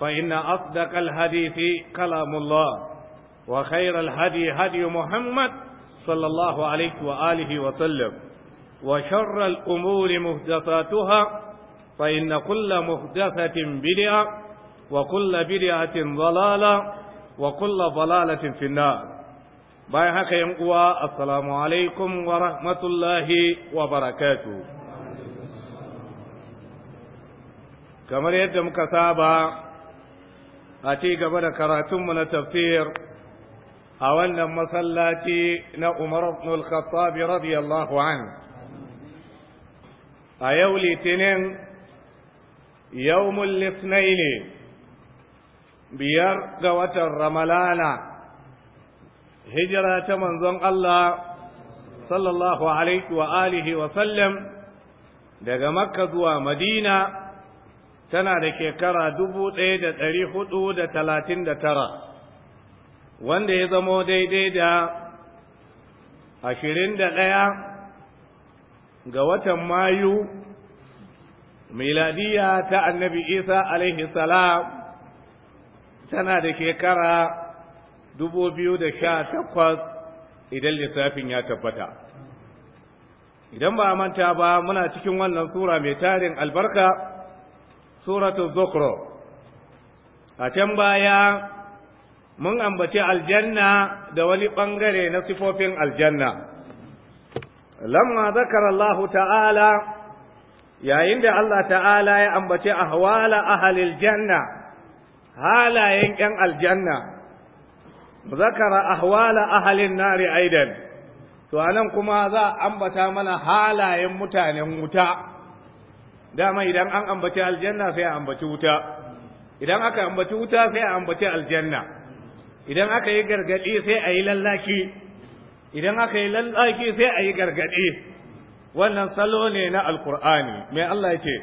فإن أصدق الحديث كلام الله وخير الهدي هدي محمد صلى الله عليه وآله وسلم وشر الأمور مهدثاتها فإن كل مهدثة بدعة وكل بدعة ضلالة وكل ضلالة في النار باي هكا ينقوى السلام عليكم ورحمة الله وبركاته كما يدى مكسابا a ci gaba da karatunmu na tafsir a wannan masallaci na Umar ibn al-Khattab radiyallahu anhu a yau litinin yawmul litnaini biyar ga watan ramalana hijira ta manzon Allah sallallahu alaihi wa alihi wa sallam daga makka zuwa madina tana da shekara dubu ɗaya da ɗari hudu da talatin da tara wanda ya zamo daidai da ashirin da ɗaya ga watan mayu miladiya ta annabi isa alaihi salam tana da shekara dubu biyu da sha takwas idan lissafin ya tabbata idan ba a manta ba muna cikin wannan sura mai tarin albarka suratul zukhruf a can baya mun ambaci aljanna da wani bangare na sifofin aljanna lamma zakara Allah ta'ala yayin da Allah ta'ala ya ambaci ahwala ahlil janna halayen yan aljanna zakara ahwala ahalin nari aidan to anan kuma za a ambata mana halayen mutanen wuta dama idan an ambaci aljanna sai a ambaci wuta idan aka ambaci wuta sai a ambaci aljanna idan aka yi gargadi sai a yi lallaki idan aka yi lallaki sai a yi gargadi wannan salo ne na alkur'ani me Allah ya ce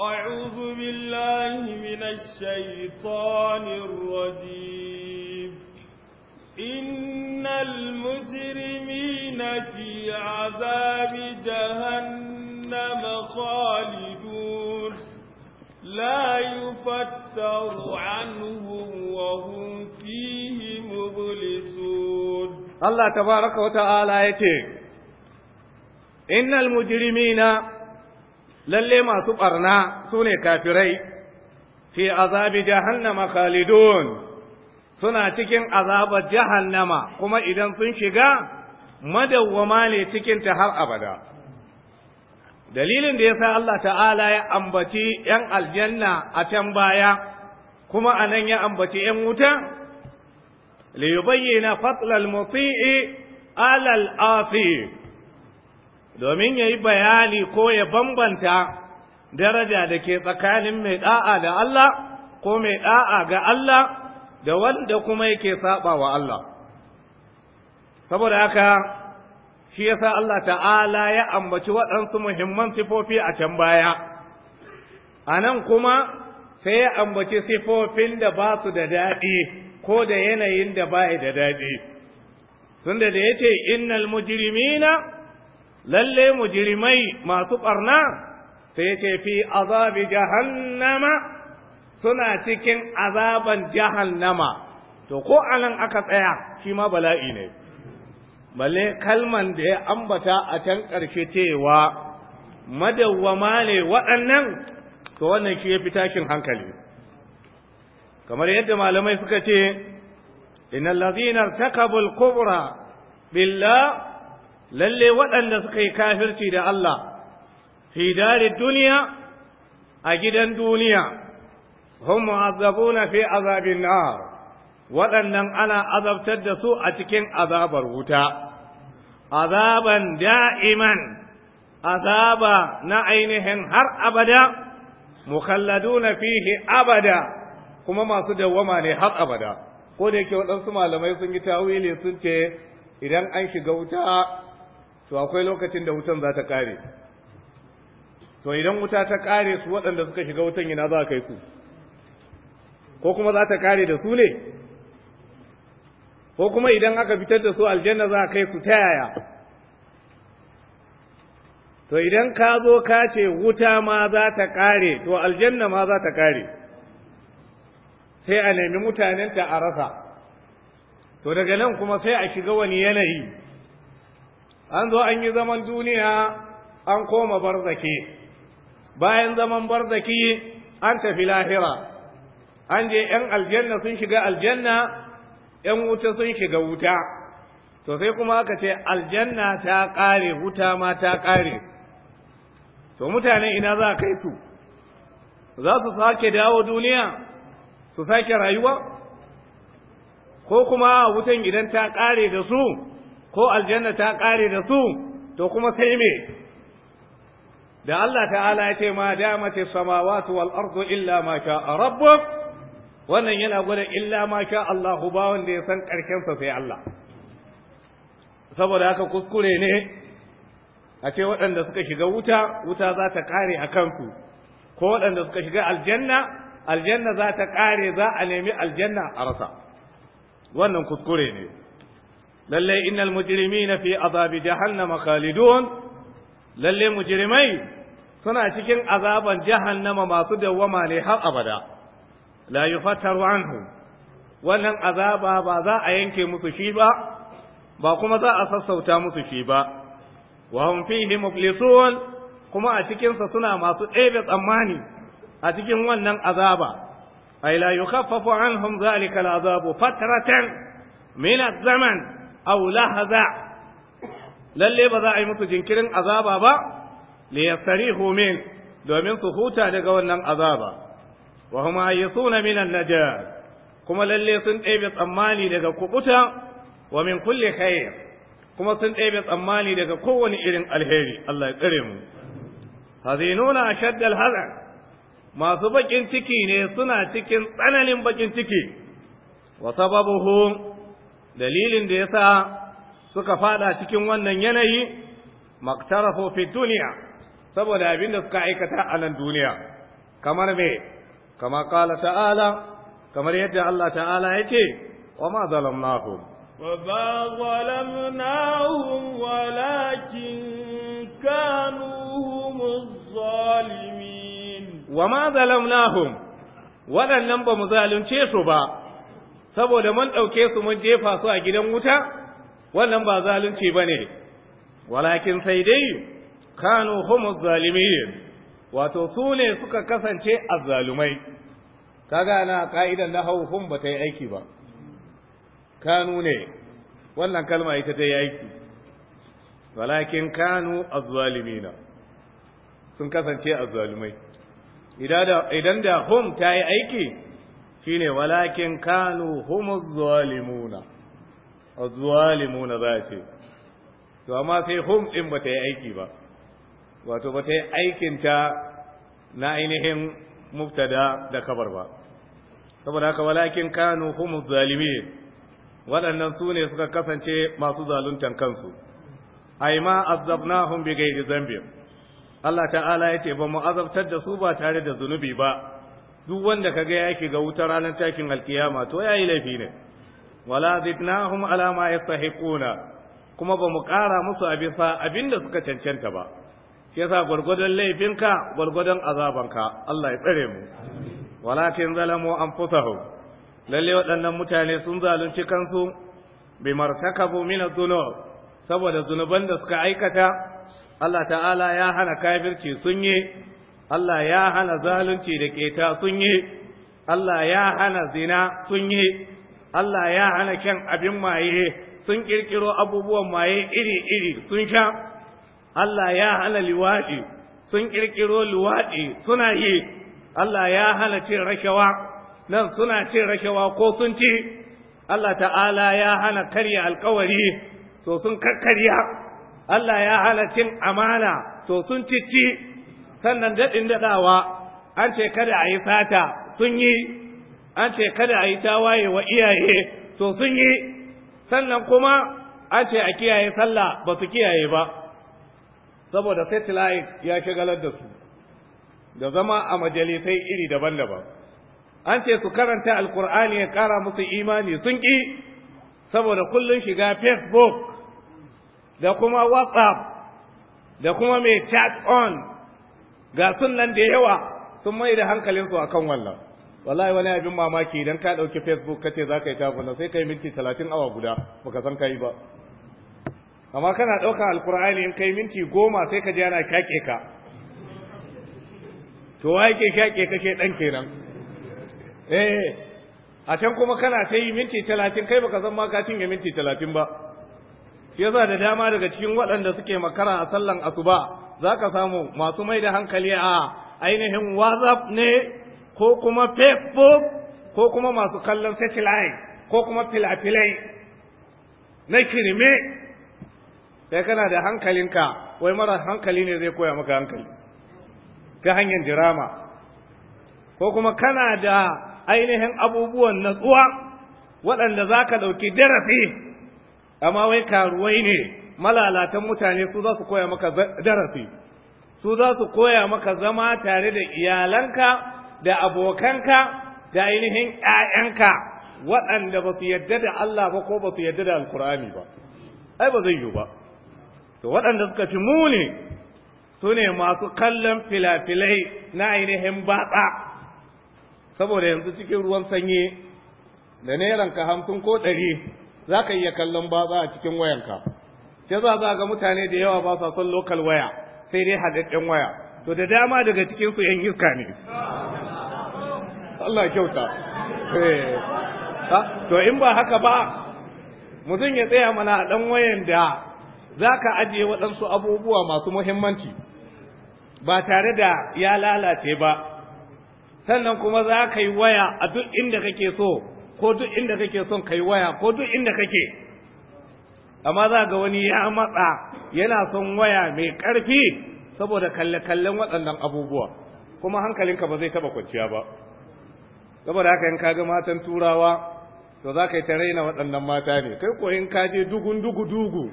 أعوذ بالله من الشيطان الرجيم إن المجرمين في عذاب جهنم خالدون لا يفتر عنهم وهم فيه مبلسون الله تبارك وتعالى يتي إن المجرمين للي ما سبرنا سنة كافري في عذاب جهنم خالدون suna cikin azabar jahannama kuma idan sun shiga madawwama ne cikinta har abada dalilin da ya yasa Allah ta'ala ya ambaci ‘yan aljanna a can baya kuma a nan ya ambaci ‘yan wuta liyubayyana fatlal muti'i alal afi domin ya yi bayani ko ya bambanta daraja da ke tsakanin mai ɗa'a da Allah ko mai ɗa'a ga Allah da wanda kuma yake saɓa wa Allah saboda haka shi yasa Allah ta'ala ya ambaci waɗansu muhimman sifofi a can baya a nan kuma sai ya ambaci sifofin da ba su da daɗi ko da yanayin da ba da daɗi tunda da ya ce innal mujrimina lalle mujrimai masu ɓarna sai ya ce fi azabi jahannama suna cikin azaban jahannama to ko anan aka tsaya shi ma bala'i ne balle kalman da ya ambata a can ƙarshe cewa madawwama ne waɗannan to wannan shi ya fi tashin hankali kamar yadda malamai suka ce inna lazina takabul kubra billa lalle waɗanda suka yi kafirci da Allah fi duniya a gidan duniya hum mu'azzabuna fi azabin nar waɗannan ana azabtar da su a cikin azabar wuta azaban da'iman azaba na ainihin har abada mukhalladuna fihi abada kuma masu dawwama ne har abada ko da yake waɗansu malamai sun yi tawili sun ce idan an shiga wuta to akwai lokacin da wutan za ta kare to idan wuta ta kare su waɗanda suka shiga wutan ina za a kai su ko kuma za ta kare da su ne ko kuma idan aka fitar da su aljanna za a kai su ta yaya to idan ka zo ka ce wuta ma za ta kare to aljanna ma za ta kare sai a nemi mutanenta a rasa to daga nan kuma sai a shiga wani yanayi an zo an yi zaman duniya an koma barzake bayan zaman barzaki an tafi lahira an je ‘yan aljanna sun shiga aljanna ‘yan wuta sun shiga wuta, to sai kuma aka ce aljanna ta ƙare wuta ma ta ƙare, to mutane ina za a kai su, za su sake dawo duniya su sake rayuwa, ko kuma wutan idan ta ƙare da su, ko aljanna ta ƙare da su, to kuma sai me. da Allah ta'ala ya ce ma damatis samawatu wal ardu illa ma sha'a rabbuk wannan yana gwada illa ma sha Allahu ba wanda ya san karshen sa sai Allah saboda haka kuskure ne a ce waɗanda suka shiga wuta wuta za ta kare a kansu ko waɗanda suka shiga aljanna aljanna za ta kare za a nemi aljanna a rasa wannan kuskure ne lalle innal mujrimina fi azabi jahannama khalidun lalle mujrimai suna cikin azaban jahannama masu dawwama ne har abada la yufattaru anhu wannan azaba ba za a yanke musu shi ba ba kuma za a sassauta musu shi ba wa hum fihi muflisun kuma a cikin sa suna masu ɗebe tsammani a cikin wannan azaba ay la yukhaffafu anhum zalika al'azabu fatratan min az-zaman aw lahza lalle ba za a yi musu jinkirin azaba ba li yastarihu min domin su huta daga wannan azaba wa suna ayisuna min an kuma lalle sun ɗebe tsammani daga kubuta wa min kulli khair kuma sun ɗebe tsammani daga kowane irin alheri Allah ya tsare mu hazinuna ashadda al-hazan masu bakin ciki ne suna cikin tsananin bakin ciki wa sababuhu dalilin da yasa suka fada cikin wannan yanayi maktarafu fi duniya saboda abin da suka aikata a nan duniya kamar me kama qala ta'ala kamar yadda Allah ta'ala yace wa ma zalamnahum wa ba zalamnahum walakin kanu wa ma zalamnahum waɗannan ba mu zalunce su ba saboda mun ɗauke su mun jefa su a gidan wuta wannan ba zalunci ba ne walakin sai dai kanu humus zalimin wato su ne suka kasance azzalumai kaga na ka'idan na hauhun ba ta yi aiki ba kanu ne wannan kalma ita ta yi aiki walakin kanu azzalimina sun kasance azzalumai idan da hum ta yi aiki shine walakin kanu hum azzalimuna azzalimuna za ce to amma sai hum ɗin ba ta yi aiki ba wato ba ta yi aikinta na ainihin muftada da kabar ba saboda haka walakin kanu hum zalimi waɗannan su ne suka kasance masu zaluntan kansu ai ma azabnahum bi ghairi dhanbi Allah ta'ala ya ce, ba mu azabtar da su ba tare da zunubi ba duk wanda kaga ya shiga wutar ranar takin alkiyama to yayi laifi ne wala zidnahum ala ma yastahiquna kuma ba mu ƙara musu abin abinda suka cancanta ba shi yasa gwargwadon laifinka gwargwadon azabanka Allah ya tsare mu walakin zalamu anfusahum lalle waɗannan mutane sun zalunci kansu bi martakabu min adh-dhunub saboda zunuban da suka aikata Allah ta'ala ya hana kafirci sun yi Allah ya hana zalunci da keta sun yi Allah ya hana zina sun yi Allah ya hana shan abin maye sun kirkiro abubuwan maye iri-iri sun sha Allah ya hana liwaɗi sun ƙirƙiro liwaɗi suna yi Allah ya hana cin rashawa nan suna cin rashawa ko sun ci Allah ta'ala ya hana karya alkawari to sun karkarya Allah ya hana cin amana to sun cici sannan daɗin daɗawa an ce kada a yi sata sun yi an ce kada a yi tawaye wa iyaye to sun yi sannan kuma an ce a kiyaye sallah ba su kiyaye ba saboda satellite ya shagalar da su da zama a majalisai iri daban-daban an ce su karanta alkur'ani ya kara musu imani sun ƙi saboda kullum shiga facebook da kuma whatsapp da kuma mai chat on ga sunan da yawa sun mai da hankalinsu a kan wannan wallahi wani abin mamaki idan ka ɗauki facebook ka ce za ka yi tafuna sai ka yi minti talatin awa guda baka san ka yi ba amma kana ɗaukar alkur'ani in kai minti goma sai ka ji ana kyaƙe ka to wa yake kyaƙe ka ke ɗan kenan eh a can kuma kana ta yi minti talatin kai baka san ma ka cinye minti talatin ba shi yasa da dama daga cikin waɗanda suke makara a sallan asuba za ka samu masu mai da hankali a ainihin whatsapp ne ko kuma facebook ko kuma masu kallon satellite ko kuma filafilai na kirme sai kana da hankalinka wai mara hankali ne zai koya maka hankali ta hanyar dirama ko kuma kana da ainihin abubuwan natsuwa waɗanda za ka ɗauki darasi amma wai karuwai ne malalatan mutane su za su koya maka darasi su za su koya maka zama tare da iyalanka da abokanka da ainihin ‘ya'yanka waɗanda ba su yadda da Allah ba ko ba su yadda da Alkur'ani ba, ai ba zai yiwu ba. to waɗanda suka fi muni su ne masu kallon filafilai na ainihin batsa saboda yanzu cikin ruwan sanyi da neranka hamsin ko ɗari za ka iya kallon batsa a cikin wayanka ce za za ga mutane da yawa ba sa son lokal waya sai dai haɗaɗɗen waya to da dama daga cikinsu ‘yan iska ne Allah kyauta eh. to in ba haka ba mutum ya tsaya mana a ɗan wayan da za ka ajiye waɗansu abubuwa masu muhimmanci ba tare da ya lalace ba sannan kuma za ka yi waya a duk inda kake so ko duk inda kake son ka yi waya ko duk inda kake amma za ga wani ya matsa yana son waya mai ƙarfi saboda kalle-kallen waɗannan abubuwa kuma hankalinka ba zai taɓa kwanciya ba saboda haka in ka ga matan turawa to za ka yi ta raina waɗannan mata ne kai ko in ka je dugun dugu dugu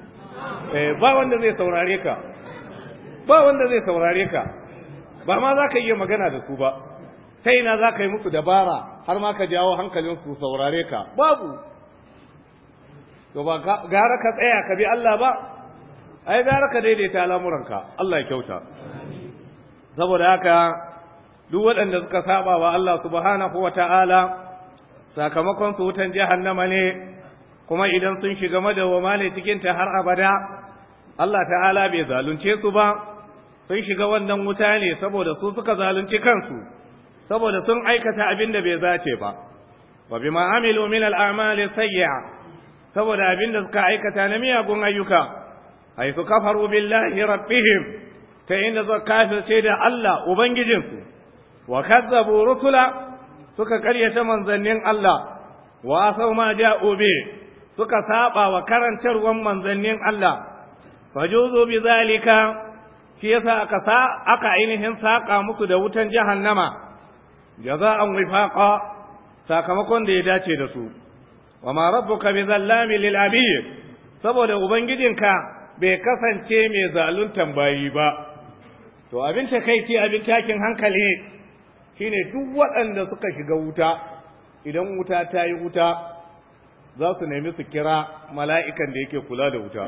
Eh, ba wanda zai saurare ka ba wanda zai saurare ka ba ma za ka iya magana da su ba ta na za ka yi musu dabara har ma ka jawo hankalin su saurare ka babu to ba gara ka tsaya ka bi Allah ba ai gara ka daidaita al'amuranka Allah ya kyauta saboda haka duk waɗanda suka saba wa Allah subhanahu wa ta'ala, sakamakon su wutan jahannama ne, kuma idan sun shiga madawwama ne cikin ta har abada Allah ta'ala bai zalunce su ba sun shiga wannan wuta ne saboda su suka zalunci kansu saboda sun aikata abin da bai zace ba wa bima amilu min al'amali sayya saboda abin da suka aikata na miyagun ayyuka su kafaru billahi rabbihim ta inda suka kafirce da Allah ubangijinsu wa kadzabu rusula suka karyata manzannin Allah wa asau ma ja'u bi suka saba wa karantarwan manzannin Allah fajuzu bi zalika shi yasa aka sa aka ainihin saka musu da wutan jahannama jaza'an wifaqa sakamakon da ya dace da su wa ma rabbuka bi zallami lil abid saboda ubangijinka bai kasance mai zaluntan bayi ba to abin takaici abin takin hankali shine duk waɗanda suka shiga wuta idan wuta ta yi wuta za su nemi su kira mala’ikan da yake kula da wuta,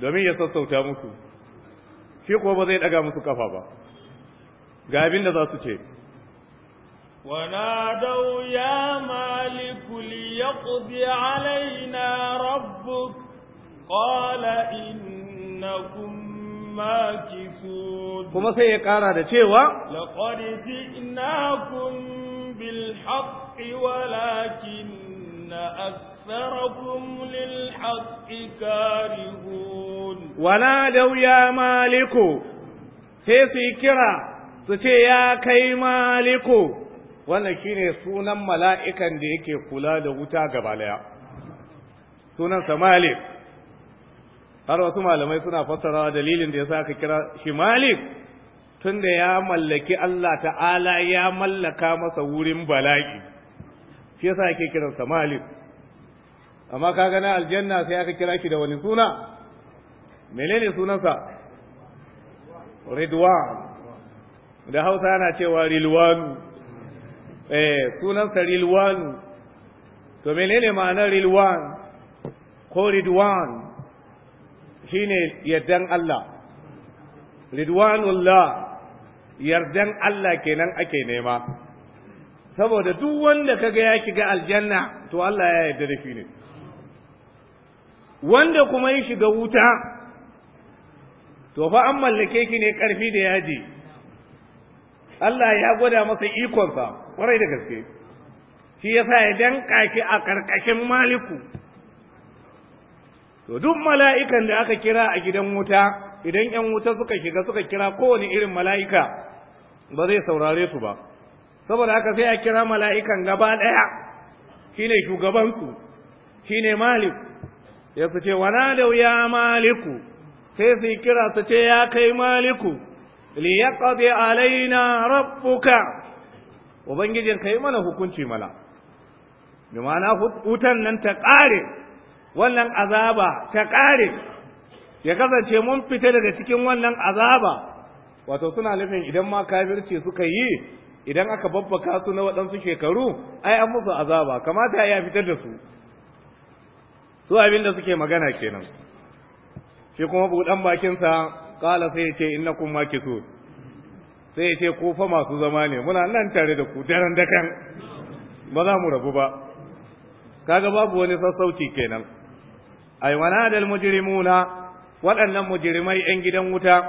domin ya sassauta musu, shi kuwa ba zai ɗaga musu ƙafa ba, ga abin da za su ce. Wana dau ya malikuli ya ƙudi alaina rabbuk, ƙwala inna kuma kisu. Kuma sai ya ƙara da cewa? Laƙwari ji ina kun bilhaƙi walakin. ولكن أكثركم للحق كارهون sai يا مالك kira, su ce ya kai Maliko? wannan shine sunan mala'ikan da yake kula da wuta gaba daya sunansa malik har wasu malamai suna fassara dalilin da ya sa ka kira shi malik tunda ya mallaki Allah ta'ala ya mallaka masa wurin bala'i shi yasa ake kiransa malik amma kaga na aljanna sai aka kira shi da wani suna menene sunansa ridwan da hausa yana cewa rilwanu eh sunansa rilwanu to menene ma'anar rilwan ko ridwan shine yardan Allah ridwanullah yardan Allah kenan ake nema saboda duk wanda kaga ya shiga aljanna to Allah ya yarda da shi wanda kuma ya shiga wuta to fa an mallake ki ne karfi da yaji Allah ya gwada masa ikon sa, kwarai da gaske shi yasa ya danka ki a karkashin maliku to duk mala'ikan da aka kira a gidan wuta idan ‘yan wuta suka shiga suka kira kowane irin mala'ika ba zai saurare su ba saboda haka sai a kira mala'ikan gaba ɗaya shi ne shugabansu shi ne malik ya su ce wana da ya maliku sai su kira su ce ya kai maliku liyaqdi alaina rabbuka ubangijin yi mana hukunci mala bi mana hutan nan ta ƙare wannan azaba ta ƙare ya kasance mun fita daga cikin wannan azaba wato suna nufin idan ma kafirce suka yi idan aka babbaka su na waɗansu shekaru ai an musu azaba kamata ya fitar da su su abin da suke magana kenan shi kuma buɗan bakinsa ƙala sai ya ce maki so. sai ya ce kofa masu zama ne muna nan tare da ku daren dakan ba za mu rabu ba kaga babu wani sassauci kenan ai wana dal mujrimuna waɗannan mujirimai 'yan gidan wuta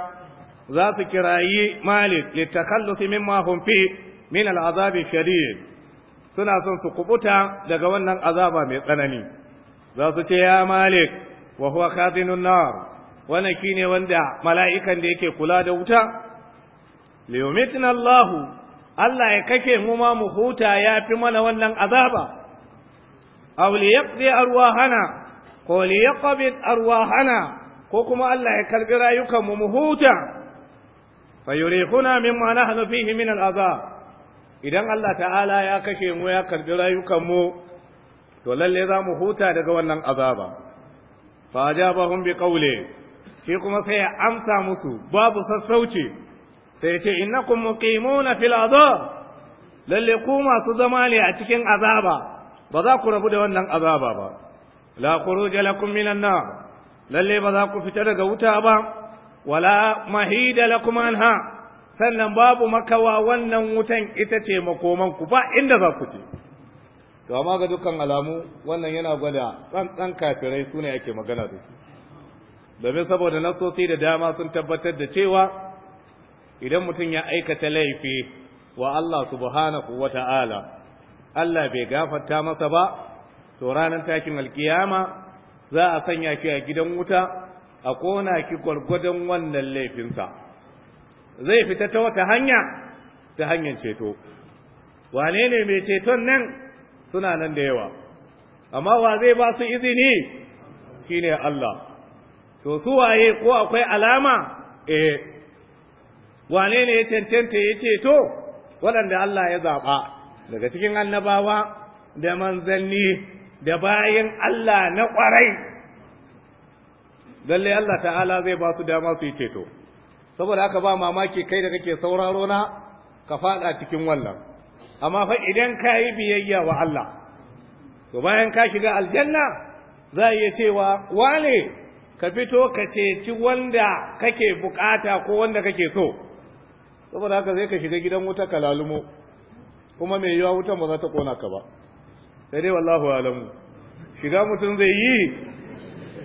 za su kirayi malik litakhallusi mimma hum fi min al'azabi shadid suna son su kubuta daga wannan azaba mai tsanani za su ce ya malik wa huwa khazinun nar wannan kine wanda mala'ikan da yake kula da wuta liyumitina Allah Allah ya kake mu ma mu huta ya fi mana wannan azaba aw liyaqdi arwahana ko liyaqbid arwahana ko kuma Allah ya karbi rayukan mu mu huta fayurihuna mimma nahnu fihi min al'azab idan Allah ta'ala ya kashe mu ya karbi rayukan mu to lalle za mu huta daga wannan azaba fa ajabahum bi qawli shi kuma sai ya amsa musu babu sassauci sai ya ce innakum muqimuna fil azab lalle ku masu zama ne a cikin azaba ba za ku rabu da wannan azaba ba la khuruja lakum minan nar lalle ba za ku fita daga wuta ba wala mahida lakum anha sannan babu makawa wannan wutan ita ce makoman ku ba inda za ku je to amma ga dukkan alamu wannan yana gwada tsantsan kafirai su ne ake magana da su domin saboda nasosi da dama sun tabbatar da cewa idan mutum ya aikata laifi wa Allah subhanahu wa ta'ala Allah bai gafarta masa ba to ranar takin alkiyama za a sanya shi a gidan wuta a kona ki gwargwadon wannan laifinsa zai fita ta wata hanya ta hanyar ceto wane ne mai ceton nan suna nan da yawa amma wa zai ba su izini shine Allah to su waye ko akwai alama eh wane ne ya cancanta ya ceto waɗanda Allah ya zaɓa daga cikin annabawa da manzanni da bayan Allah na ƙwarai lalle Allah ta'ala zai ba su dama su yi ceto saboda haka ba mamaki kai da kake sauraro na ka faɗa cikin wannan amma fa idan ka yi biyayya wa Allah to bayan ka shiga aljanna za a iya cewa wane ka fito ka ceci wanda kake bukata ko wanda kake so saboda haka zai ka shiga gidan wuta ka lalumo kuma mai yiwa wutan ba za ta kona ka ba sai dai wallahu alamu shiga mutum zai yi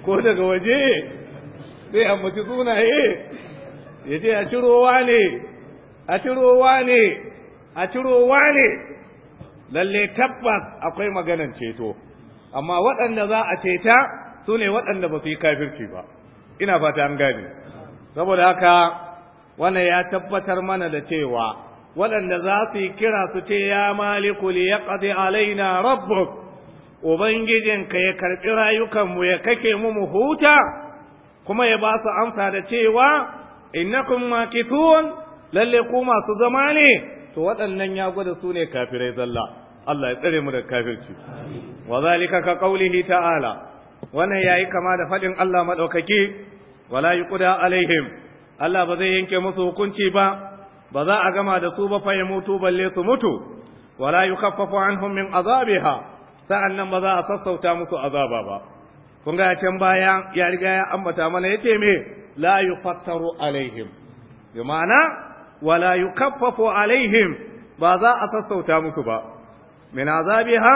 ko daga waje Sai zai ambaci sunaye ya ce a cirowa ne a cirowa ne a cirowa ne lalle tabbas akwai maganan ceto amma waɗanda za a ceta su ne waɗanda ba su yi kafirci ba ina fata an gane saboda haka wanda ya tabbatar mana da cewa waɗanda za su yi kira su ce ya maliku li yaqdi alaina ubangijin ka ya karɓi rayukanmu ya kake mu mu huta, kuma ya ba su amsa da cewa innakum makithun lalle ku masu zama ne to waɗannan ya gwada su ne kafirai zalla Allah ya tsare mu da kafirci wa zalika ka qaulihi ta'ala wannan yayi kama da fadin Allah madaukaki wala yuqda alaihim Allah ba zai yanke musu hukunci ba ba za a gama da su ba fa ya mutu balle su mutu wala yukaffafu anhum min azabiha sa'annan ba za a sassauta musu azaba ba kun ga can baya ya riga ya ambata mana yace me la yufattaru alaihim bi ma'ana wala yukaffafu alaihim ba za a sassauta musu ba min azabiha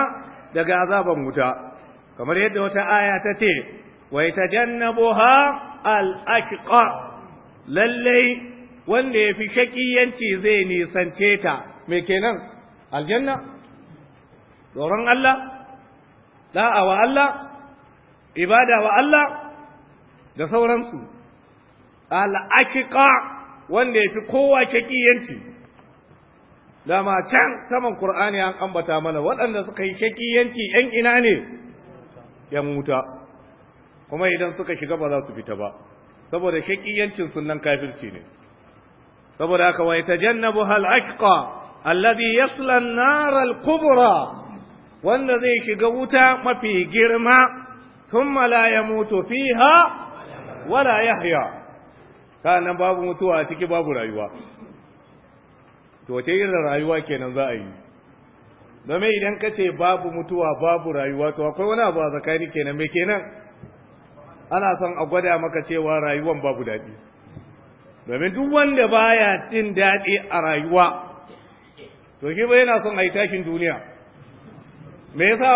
daga azaban wuta kamar yadda wata aya ta ce wa yatajannabuha al-ashqa lallai wanda yafi shakiyanci zai nisance ta me kenan aljanna doron Allah da'a Allah ibada wa Allah da sauransu al'aƙiƙa wanda ya fi kowa yanci. dama can saman ƙur'ani an ambata mana waɗanda suka yi yanci ‘yan ina ne ‘yan wuta kuma idan suka shiga ba za su fita ba saboda shaƙiyancin sunan kafirci ne saboda haka wai tajannabu al'aƙiƙa alladhi yasla an kubra wanda zai shiga wuta mafi girma thumma la yamutu fiha wala yahya nan babu mutuwa a ciki babu rayuwa to wace irin rayuwa kenan za a yi domin idan ka ce babu mutuwa babu rayuwa to akwai wani abu a zakari kenan mai kenan ana son a gwada maka cewa rayuwan babu daɗi domin duk wanda baya cin daɗi a rayuwa to shi ba yana son a yi tashin duniya me yasa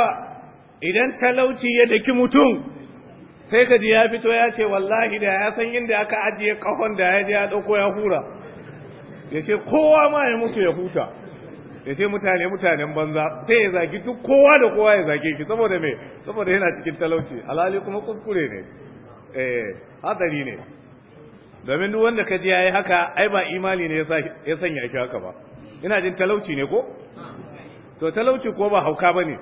idan talauci ya daki mutum sai ka ji ya fito ya ce wallahi da ya san inda aka ajiye kafan da ya ji ya ɗauko ya hura ya ce kowa ma ya mutu ya huta ya ce mutane mutanen banza sai ya zaki duk kowa da kowa ya zage ki saboda me saboda yana cikin talauci alhali kuma kuskure ne eh hadari ne domin duk wanda ka ji yayi haka ai ba imani ne ya sanya shi haka ba ina jin talauci ne ko to talauci ko ba hauka bane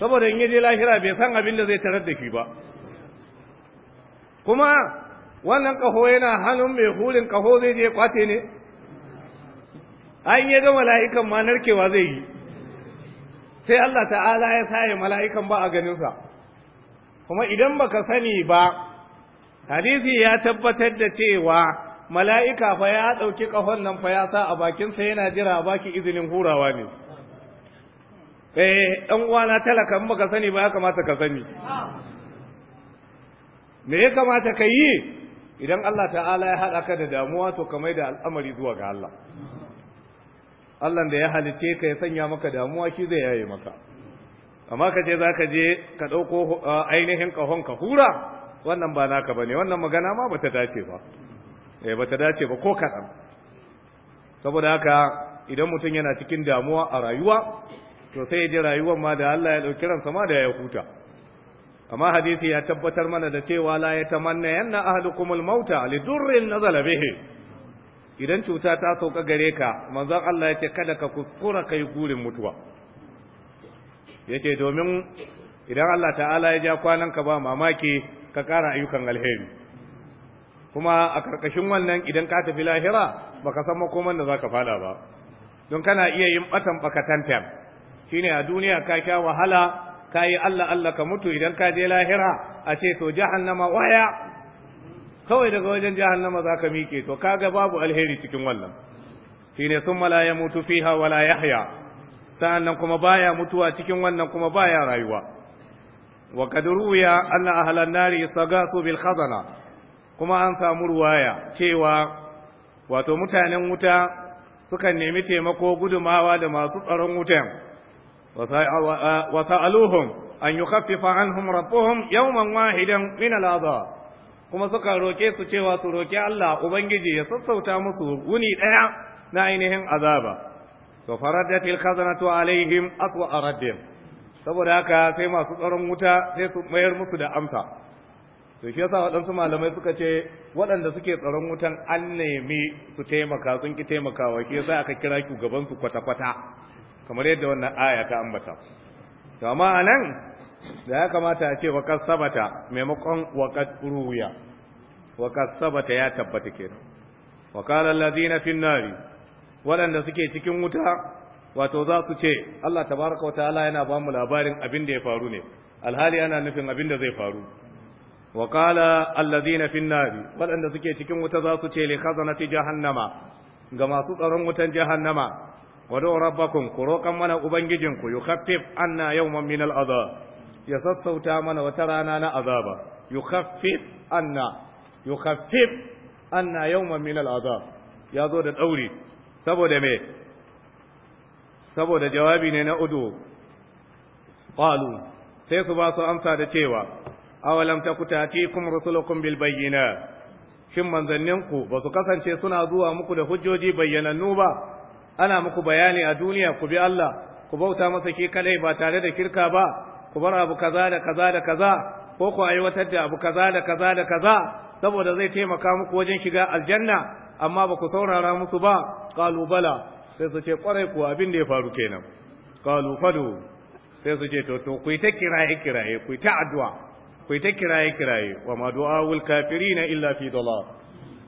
saboda in yaje lahira bai san abin da zai tarar da shi ba kuma wannan kaho yana hannun mai hulin kaho zai je kwace ne an yi ga mala'ikan ma narkewa zai yi sai Allah ta'ala ya saye mala'ikan ba a ganinsa kuma idan ba ka sani ba hadisi ya tabbatar da cewa mala'ika fa ya ɗauki ƙahon nan fa ya sa a bakinsa yana jira a baki izinin hurawa ne eh ɗan uwana talaka in baka sani ba ya kamata ka sani me ya kamata ka yi idan Allah ta'ala ya haɗa ka da damuwa to ka mai da al'amari zuwa ga Allah Allah da ya halice ka ya sanya maka damuwa shi zai yaye maka amma ka ce za ka je ka ɗauko ainihin ƙahon ka hura wannan ba naka ba ne wannan magana ma ba ta dace ba Eh ba ta dace ba ko kaɗan saboda haka idan mutum yana cikin damuwa a rayuwa to sai ya ji rayuwar ma da Allah ya ɗauki ransa ma da ya huta amma hadisi ya tabbatar mana da cewa la ya tamanna yanna ahlukumul mauta li durrin nazala bihi idan cuta ta sauka gare ka manzon Allah yace kada ka kuskura kai gurin mutuwa yace domin idan Allah ta'ala ya ja kwanan ka ba mamaki ka kara ayyukan alheri kuma a karkashin wannan idan ka tafi lahira baka san makoman da zaka fada ba don kana iya yin batan bakatantan shine a duniya ka sha wahala ka yi Allah Allah ka mutu idan ka je lahira a ce to jahannama waya kawai daga wajen jahannama za ka miƙe to kaga babu alheri cikin wannan shine sun la ya mutu fiha wala yahya sa'annan kuma baya mutuwa cikin wannan kuma baya rayuwa wa kad ruya anna ahlan nari sagasu bil khazana kuma an samu ruwaya cewa wato mutanen wuta sukan nemi taimako gudumawa da masu tsaron wutan وسألوهم أن يخفف عنهم ربهم يوما واحدا من العذاب kuma suka roke su cewa su roki Allah ubangiji ya sassauta musu wuni ɗaya na ainihin azaba to faraddatil khazanatu alaihim atwa araddin saboda haka sai masu tsaron wuta sai su mayar musu da amsa to shi yasa waɗansu malamai suka ce waɗanda suke tsaron wutan an nemi su taimaka sun ki taimakawa shi yasa aka kira shugaban su kwata-kwata kamar yadda wannan aya ta ambata to amma anan da ya kamata a ce wa kasabata maimakon wa ruwiya wa kasabata ya tabbata kenan wa qala allazina fin nari waɗanda suke cikin wuta wato za su ce Allah tabaraka wataala yana ba mu labarin abin da ya faru ne alhali ana nufin abin da zai faru wa qala allazina fin nari waɗanda suke cikin wuta za su ce li khazanati jahannama ga masu tsaron wutan jahannama wado rabbakum ku roƙan mana ubangijinku yukhaffif anna yawman min al'azab ya sassauta mana wata rana na azaba yukhaffif anna yukhaffif anna yawman min al'azab ya zo da ɗauri, saboda me saboda jawabi ne na udu qalu sai su ba su amsa da cewa awalam takutatikum rusulukum bil bayyinat shin manzanninku ba su kasance suna zuwa muku da hujjoji bayyanannu ba ana muku bayani a duniya ku bi Allah ku bauta masa ke kadai ba tare da kirka ba ku bar abu kaza da kaza da kaza ko ku aiwatar da abu kaza da kaza da kaza saboda zai taimaka muku wajen shiga aljanna amma ba ku saurara musu ba qalu bala sai su ce kwarai kuwa abin da ya faru kenan qalu fadu sai su ce to to ku ta kiraye kiraye ku ta addu'a ku ta kiraye kiraye wa ma du'aul kafirina illa fi dalal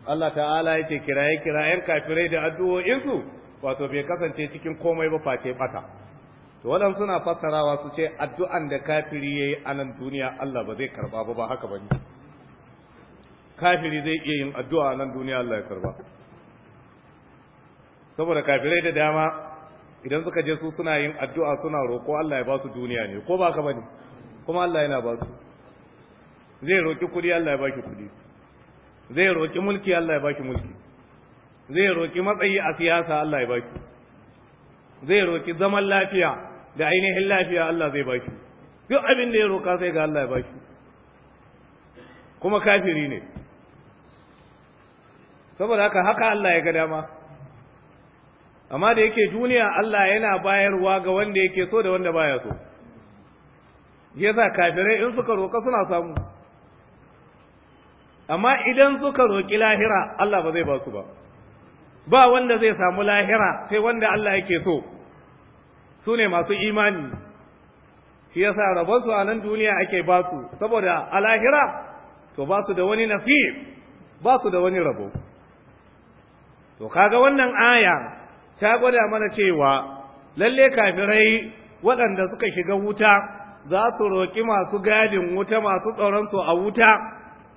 Allah ta'ala yace kiraye kirayen kafirai da addu'o'insu wato bai kasance cikin komai ba face bata to wadan suna fassarawa su ce addu'an da kafiri yayi a nan duniya Allah ba zai karba ba ba haka bane kafiri zai iya yin addu'a a nan duniya Allah ya karba saboda kafirai da dama idan suka je su suna yin addu'a suna roƙo Allah ya ba su duniya ne ko ba haka bane kuma Allah yana ba su zai roƙi kuɗi Allah ya baki kuɗi zai roƙi mulki Allah ya baki mulki zai roki matsayi a siyasa Allah ya shi zai roki zaman lafiya da ainihin lafiya Allah zai shi duk abin da ya roka sai ga Allah ya shi kuma kafiri ne saboda haka haka Allah ya ga dama amma da yake duniya Allah yana bayarwa ga wanda yake so da wanda baya so sa kafirai in suka roƙa suna samu amma idan suka roƙi lahira Allah ba zai ba su ba ba wanda zai samu lahira sai wanda Allah yake so su ne masu imani shi yasa rabonsu a nan duniya ake ba su saboda a lahira to ba su da wani nasi ba su da wani rabo to kaga wannan aya ta gwada mana cewa lalle kafirai waɗanda suka shiga wuta za su roƙi masu gadin wuta masu tsoron su a wuta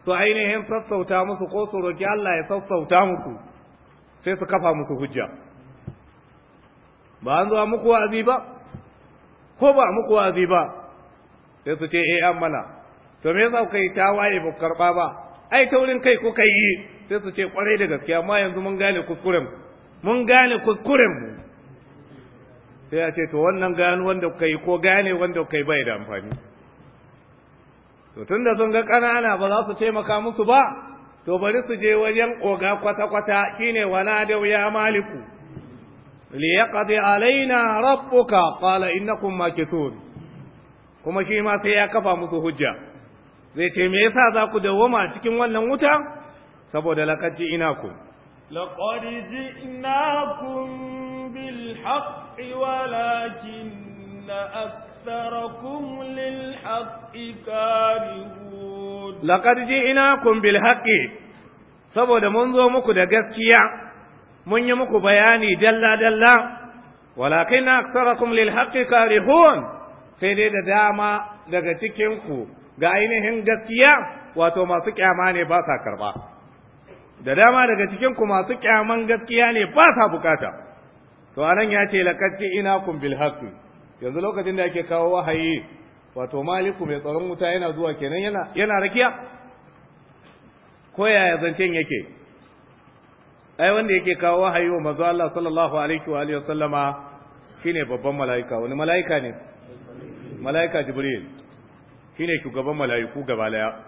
su ainihin sassauta musu ko su roƙi Allah ya sassauta musu sai su kafa musu hujja ba an zuwa muku wa'azi ba ko ba muku wa'azi ba sai su ce eh an mana to me yasa kai ta waye ba karba ba ai taurin kai ko kai yi sai su ce kwarai da gaskiya amma yanzu mun gane kuskuren mun gane kuskuren mu sai ya ce to wannan gano wanda kuka yi ko gane wanda kuka yi bai da amfani to tunda sun ga ƙanana ba za su taimaka musu ba to bari su je wajen oga kwata-kwata shine wala da ya maliku yaqdi alaina rabbuka qala innakum makithun kuma shi ma sai ya kafa musu hujja zai ce me yasa za ku dawoma cikin wannan wuta saboda laqad ji'nakum laqad ji'nakum bil haqqi walakin lil للحق كارهون Lakarji ina kumbil haƙƙi saboda mun zo muku da gaskiya mun yi muku bayani dalla dalla walakin aktsarakum lil haqqi karihun sai dai da dama daga cikinku ga ainihin gaskiya wato masu kyama ne ba sa karɓa. da dama daga cikinku masu kyaman gaskiya ne ba sa bukata to anan ya ce ji ina kumbil haƙƙi yanzu lokacin da ake kawo wahayi wato maliku mai tsaron wuta yana zuwa kenan yana rakiya ko yaya zancen yake ai wanda yake kawo wahayi wa manzo Allah sallallahu alaihi wa alihi wasallama shine babban malaika wani malaika ne malaika jibril shine shugaban malaiku gaba daya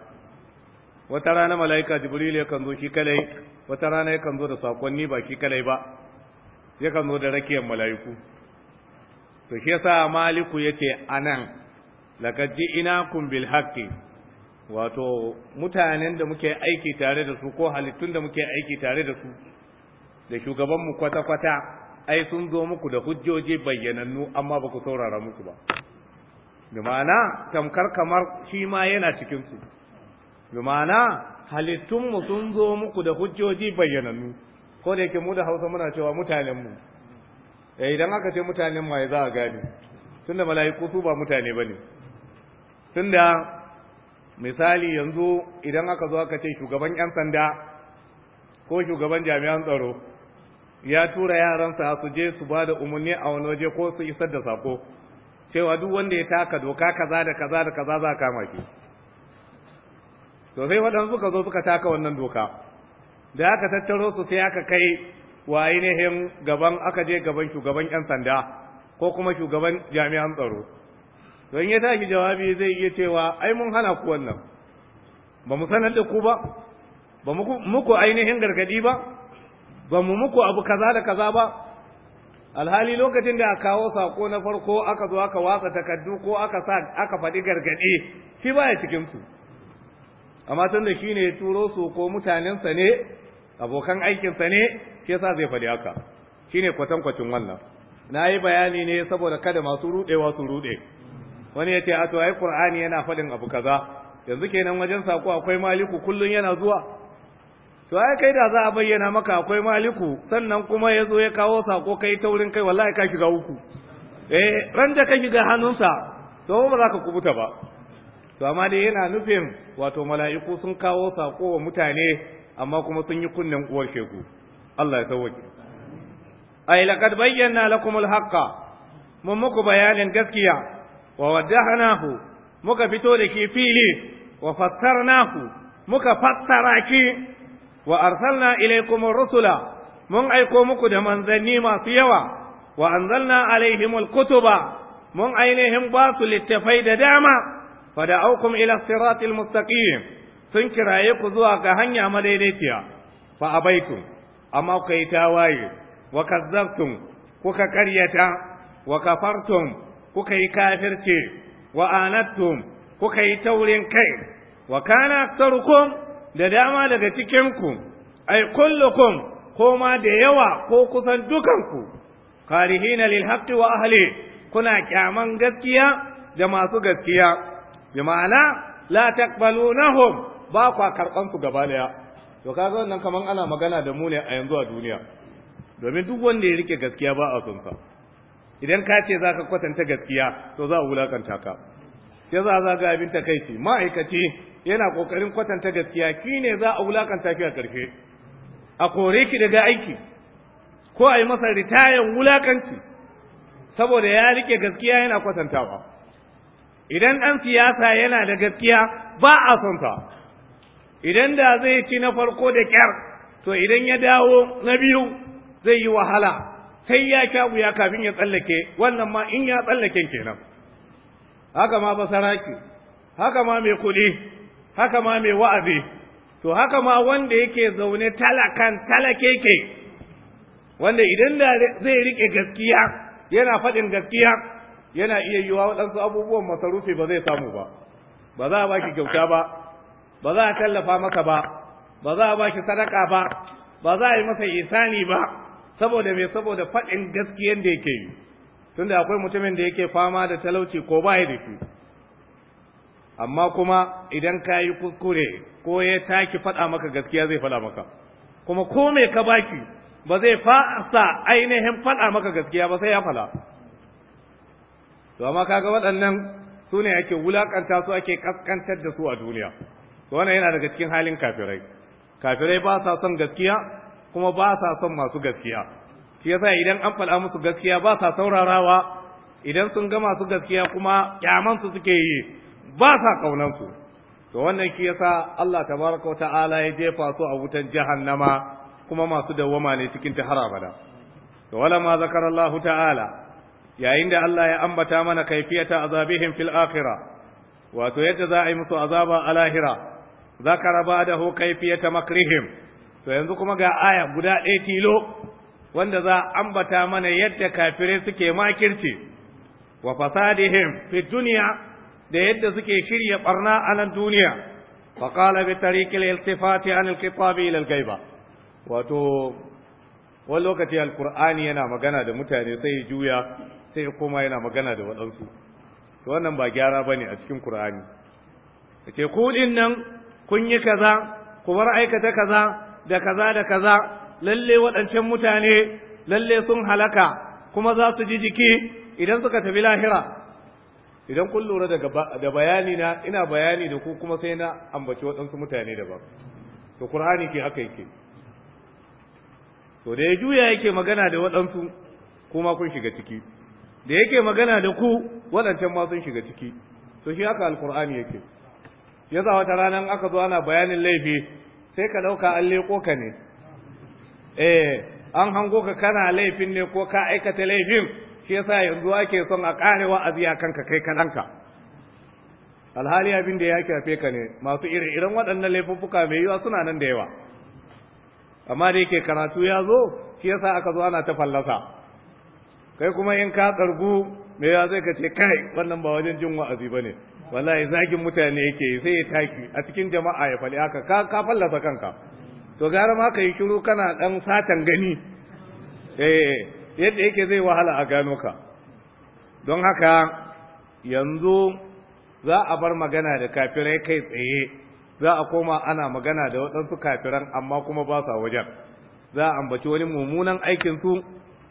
wata rana malaika jibril ya kanzo shi kalai wata rana ya kanzo da sakonni ba shi kalai ba ya kanzo da rakiyar malaiku to shi yasa maliku yace anan ina kun bil haqqi wato mutanen da muke aiki tare da su ko halittun da muke aiki tare da su da shugabanmu kwata-kwata ai sun zo muku da hujjoji bayyanannu amma ba ku saurara musu ba lumana tamkar kamar shi ma yana cikinsu lumana halittunmu sun zo muku da hujjoji bayyanannu ko da yake mu da hausa muna cewa mutanenmu eh, idan aka ce mutanen ma ya za a gane tunda mala'iku su ba mutane ba ne tunda misali yanzu idan aka zo aka ce shugaban 'yan sanda ko shugaban jami'an tsaro ya tura yaransa su je su ba da umarni a wani waje ko su isar da sako cewa duk wanda ya taka doka kaza da kaza da kaza za kama ki to sai waɗansu ka zo suka taka wannan doka da aka tattaro su sai aka kai wa ainihin gaban aka je gaban shugaban 'yan sanda ko kuma shugaban jami'an tsaro don ya tashi jawabi zai iya cewa ai mun hana ku wannan ba mu sanar da ku ba ba muku ainihin gargadi ba ba mu muku abu kaza da kaza ba alhali lokacin da a kawo sako na farko aka zo aka watsa takardu ko aka sa aka faɗi gargadi shi baya cikin su amma da shine ya turo su ko mutanensa ne abokan aikinsa ne shi yasa zai faɗi haka shine kwatankwacin wannan na yi bayani ne saboda kada masu ruɗewa su ruɗe wani ya ce a to ai qur'ani yana faɗin abu kaza yanzu kenan wajen sako akwai maliku kullun yana zuwa to ai kai da za a bayyana maka akwai maliku sannan kuma ya zo ya kawo sako kai taurin kai wallahi ka shiga uku eh ran da ka shiga hannunsa to ba za ka kubuta ba to amma dai yana nufin wato mala'iku sun kawo sako wa mutane amma kuma sun yi kunnen uwar sheku Allah ya tawaki ai laqad bayyana lakumul al-haqqa mun muku bayanin gaskiya wa waddahnahu muka fito da ke fili wa fassar fassarnahu muka fassara ki wa arsalna ilaykum rusula mun aiko muku da manzanni masu yawa wa anzalna alaihim alkutuba mun ainihin ba su littafai da dama fa da'awkum ila siratil mustaqim sun kiraye ku zuwa ga hanya madaidaiciya fa abaitum amma kai tawaye wa kazzabtum kuka karyata wa kafartum kuka yi kafirce, wa anattum kuka yi taurin kai wa kana aktarukum da dama daga cikinku ai kullukum ko ma da yawa ko kusan dukanku karihina lil haqqi wa ahli kuna kyaman gaskiya da masu gaskiya bi ma'ana la taqbalunahum ba kwa karban su gaba daya to kaga wannan kaman ana magana da mu ne a yanzu a duniya domin duk wanda ya rike gaskiya ba a sunsa idan ka ce za ka kwatanta gaskiya to za a wulakanta ka ya za za ga abin takaici ma'aikaci yana kokarin kwatanta gaskiya ki ne za a wulakanta ki a karfe a kore ki daga aiki ko a yi masa ritayen wulakanci saboda ya rike gaskiya yana kwatantawa idan ɗan siyasa yana da gaskiya ba a son sa idan da zai ci na farko da kyar to idan ya dawo na biyu zai yi wahala sai ya sha wuya kafin ya tsallake wannan ma in ya tsallake kenan haka ma basaraki haka ma mai kuɗi haka ma mai wa'azi to haka ma wanda yake zaune talakan talakeke wanda idan da zai rike gaskiya yana faɗin gaskiya yana iya yiwuwa waɗansu abubuwan masarufi ba zai samu ba ba za a baki kyauta ba ba za a tallafa maka ba ba za a baki sadaka ba ba za a yi masa isani ba saboda me saboda faɗin gaskiyan da yake yi tunda akwai mutumin da yake fama da talauci ko ba ya da amma kuma idan ka yi kuskure ko ya taki faɗa maka gaskiya zai faɗa maka kuma ko me ka baki ba zai fasa ainihin faɗa maka gaskiya ba sai ya faɗa to kaga waɗannan su ne ake wulakanta su ake kaskantar da su a duniya wannan yana daga cikin halin kafirai kafirai ba sa son gaskiya kuma ba sa son masu gaskiya shi yasa idan an faɗa musu gaskiya ba sa saurarawa idan sun ga masu gaskiya kuma kyaman su suke yi ba sa kaunan su to wannan shi yasa Allah tabaraka wa ta'ala ya jefa su a wutan jahannama kuma masu dawwama ne cikin ta har abada to wala ma zakara Allah ta'ala yayin da Allah ya ambata mana kaifiyata azabihim fil akhirah wato yadda za a yi musu azaba a lahira zakara ba'dahu kaifiyata makrihim to yanzu kuma ga aya guda ɗaya tilo wanda za ambata mana yadda kafirai suke makirce wa fasadihim fi duniya da yadda suke shirya barna a nan duniya fa qala bi tariqil iltifati an alkitab ila alghaiba wato wani lokaci alqur'ani yana magana da mutane sai juya sai kuma yana magana da waɗansu to wannan ba gyara bane a cikin qur'ani yace ku din nan kun yi kaza ku bar aikata kaza da kaza da kaza lalle waɗancan mutane lalle sun halaka kuma za su ji jiki idan suka tafi lahira idan kun lura da bayani na ina bayani da ku kuma sai na ambaci waɗansu mutane daban to qur'ani ke haka yake to da ya juya yake magana da waɗansu kuma kun shiga ciki da yake magana da ku waɗancan ma sun shiga ciki to shi haka alqur'ani yake yasa wata ranar aka zo ana bayanin laifi sai ka ɗauka an leko ka ne eh an hango ka kana laifin ne ko ka aikata laifin shi yasa yanzu ake son a ƙare wa'azi a kanka kai kaɗanka alhali abin da ya kyafe ka ne masu irin irin waɗannan laifuffuka mai yiwa suna nan da yawa amma da yake karatu ya zo shi yasa aka zo ana ta fallasa kai kuma in ka tsargu me ya zai ka kai wannan ba wajen jin wa'azi ba ne wallahi zagin mutane yake sai ya taki a cikin jama'a ya faɗi haka ka ka fallasa kanka to gara ma kai shiru kana dan satan gani eh yadda yake zai wahala a gano ka don haka yanzu za a bar magana da kafirai kai tsaye za a koma ana magana da waɗansu kafiran amma kuma ba sa wajen za a ambaci wani mummunan aikin su